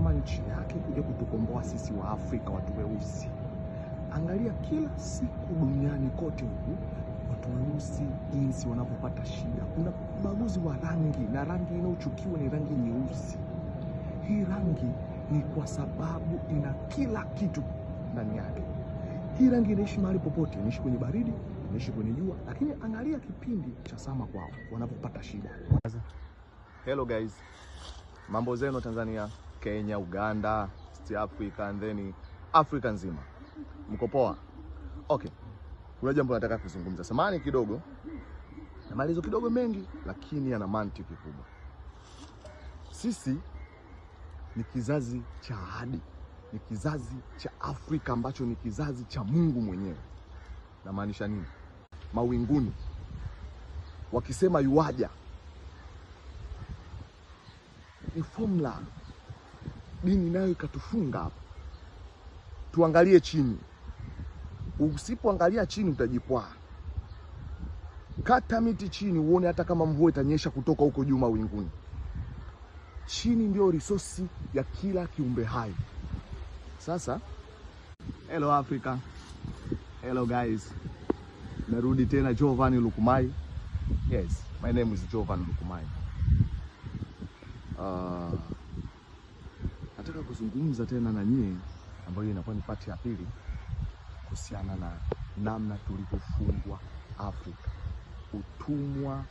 kama nchi yake kuja kutukomboa sisi wa Afrika watu weusi. Angalia kila siku duniani kote huku watu weusi jinsi wanavyopata shida. Kuna ubaguzi wa rangi, na rangi inayochukiwa ni rangi nyeusi. Hii rangi ni kwa sababu ina kila kitu ndani yake. Hii rangi inaishi mahali popote, inaishi kwenye baridi, inaishi kwenye jua. Lakini angalia kipindi cha sama kwao wanapopata shida. Hello guys, mambo zenu Tanzania. Kenya, Uganda, East Africa and then Afrika nzima. Mko poa? Okay. Kuna jambo nataka kuzungumza. Samani kidogo. Na maelezo kidogo mengi lakini yana mantiki kubwa. Sisi ni kizazi cha ahadi, ni kizazi cha Afrika ambacho ni kizazi cha Mungu mwenyewe. Namaanisha nini? Mawinguni wakisema yuaja ni formula dini nayo ikatufunga hapa. Tuangalie chini, usipoangalia chini utajikwaa. Kata miti chini uone hata kama mvua itanyesha kutoka huko juu mawinguni. Chini ndio risosi ya kila kiumbe hai. Sasa hello Africa, hello guys, narudi tena Jovan Lukumai. Yes, my name is Jovan Lukumai. Uh, kuzungumza tena na nyie, ambayo inakuwa ni pati ya pili kuhusiana na namna tulivyofungwa Afrika, utumwa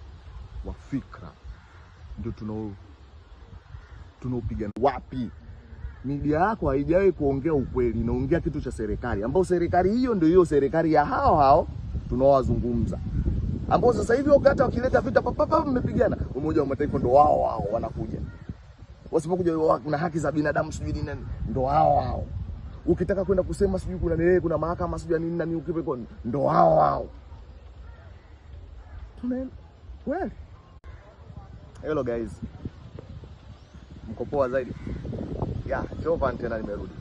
wa fikra ndio tuna tunaopigana wapi. Media yako haijawahi kuongea ukweli, inaongea kitu cha serikali, ambao serikali hiyo ndio hiyo serikali ya hao hao tunaowazungumza, ambao sasa hivi wakati wakileta vita papapa, mmepigana. Umoja wa Mataifa ndio wao wao wanakuja wasipokuja kuna haki za binadamu sijui nini, ndo hao hao. Ukitaka kwenda kusema sijui kuna nini, kuna mahakama sijui nini na nini, ukipepo ndo hao hao. Tunaenda kweli. Hello guys, mkopoa zaidi ya Yeah, Jovan tena nimerudi.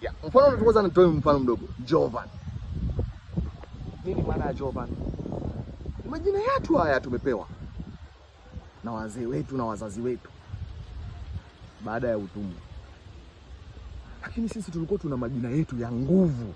ya Yeah, mfano unatukoza, nitoe mfano mdogo. Jovan, nini maana ya Jovan? Majina yetu haya tumepewa na wazee wetu na wazazi wetu baada ya utumwa, lakini sisi tulikuwa tuna majina yetu ya nguvu.